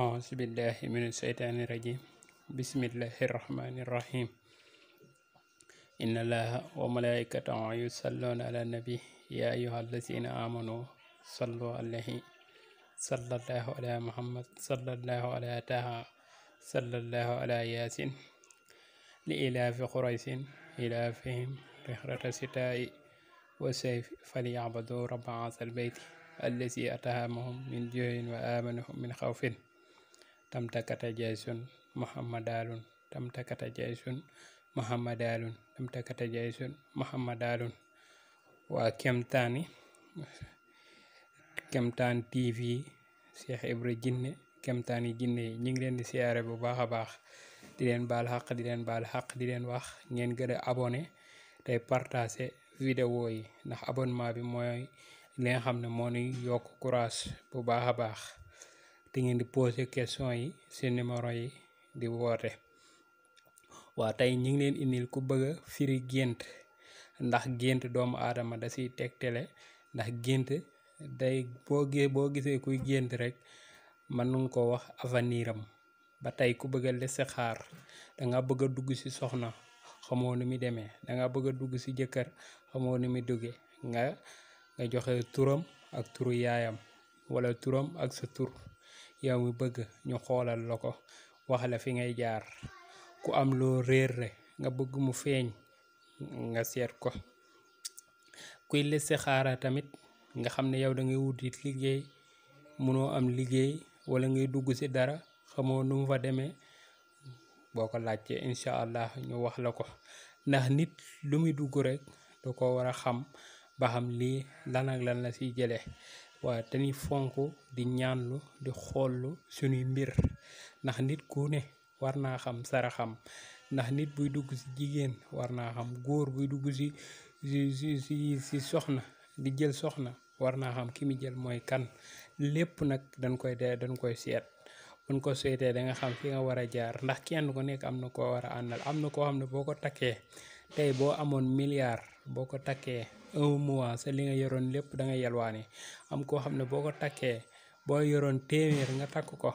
أعوذ بالله من الشيطان الرجيم بسم الله الرحمن الرحيم إن الله وملائكته يصلون على النبي يا أيها الذين آمنوا صلوا عليه صلى الله على محمد صلى الله على طه صلى الله على ياسين لإلاف قريش إلافهم رحلة الشتاء والصيف فليعبدوا رب هذا البيت الذي أطعمهم من جوع وآمنهم من خوف tamtakata jaysun muhammadalun tamtakata jaysun muhammadalun tamtakata jaysun muhammadalun waa kemtaani kemtaan tv Cheikh Ibra Jinne kemtaani jinne yi ñu ngi leen di siyaare bu baax a baax di leen baal xaq di leen baal xaq di leen wax ngeen gën a abonné tey partager vidéo yi ndax abonnement bi mooy li xam ne moo yokk courage bu baax a da ngeen di poser question yi seen numéro yi di woote waa tey ñu ngi leen indil ku bëgg a firi gént ndax gént doomu aadama da siy tegtale ndax gént day boo boo gisee kuy gént rek mën nañ ko wax avenir ba tey ku bëgg a listixaar danga bëgg a dugg ci soxna xamoo nu muy demee danga bëgg a dugg ci jëkkër xamoo ni muy duggee nga nga joxe turam ak turu yaayam wala turam ak sa tur yow mi bëgg ñu xoolal la ko wax la fi ngay jaar ku am loo réer re nga bëgg mu feeñ nga seet ko kuy listixaara tamit nga xam ne yow da ngay wutit liggéey mënoo am liggéey wala ngay dugg ci dara xamoo nu mu fa demee boo ko laajtee incha allah ñu wax la ko ndax nit lu muy dugg rekk da ko war a xam ba xam lii lan ak lan la ciy jëlee waaye dañuy fonk di ñaanlu di xoollu suñuy mbir ndax nit ku ne war naa xam saraxam ndax nit buy dugg ci jigéen war naa xam góor buy dugg ci si ci soxna di jël soxna war naa xam ki mu jël mooy kan lépp nag dañ koy dee dañ koy seet buñ ko seetee da nga xam fi nga war a jaar ndax kenn ku nekk am na koo war a àndal am na koo xam ne boo ko takkee tey boo amoon milliar boo ko takkee un sa li nga yoroon lépp da nga yelwaani am koo xam ne boo ko takkee boo yoroon téeméer nga takk ko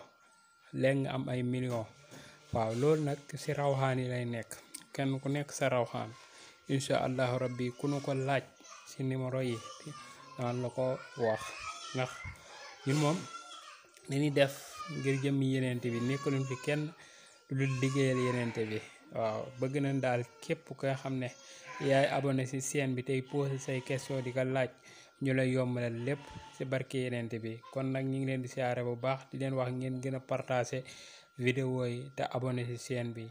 léegi nga am ay million waaw loolu nag si rawxaan yi lay nekk kenn ku nekk sa rawxaan incha allahu rabbi ku nu ko laaj si numéro yi daan la ko wax ndax ñun moom li def ngir jëmm yeneent bi nekkaluñ fi kenn lu liggéeyal yeneent bi waaw bëgg nañ daal képp koo xam ne yaay abonné ci chaîne bi tey posé say question di ko laaj ñu lay yombalal lépp ci barke yenente bi kon nag ñu ngi leen di siyaare bu baax di leen wax ngeen gën a partagé vidéo yi te abonné ci chaîne bi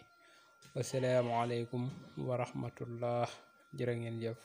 wasalaamaaleykum wa rahmatullah jërë ngeen jëf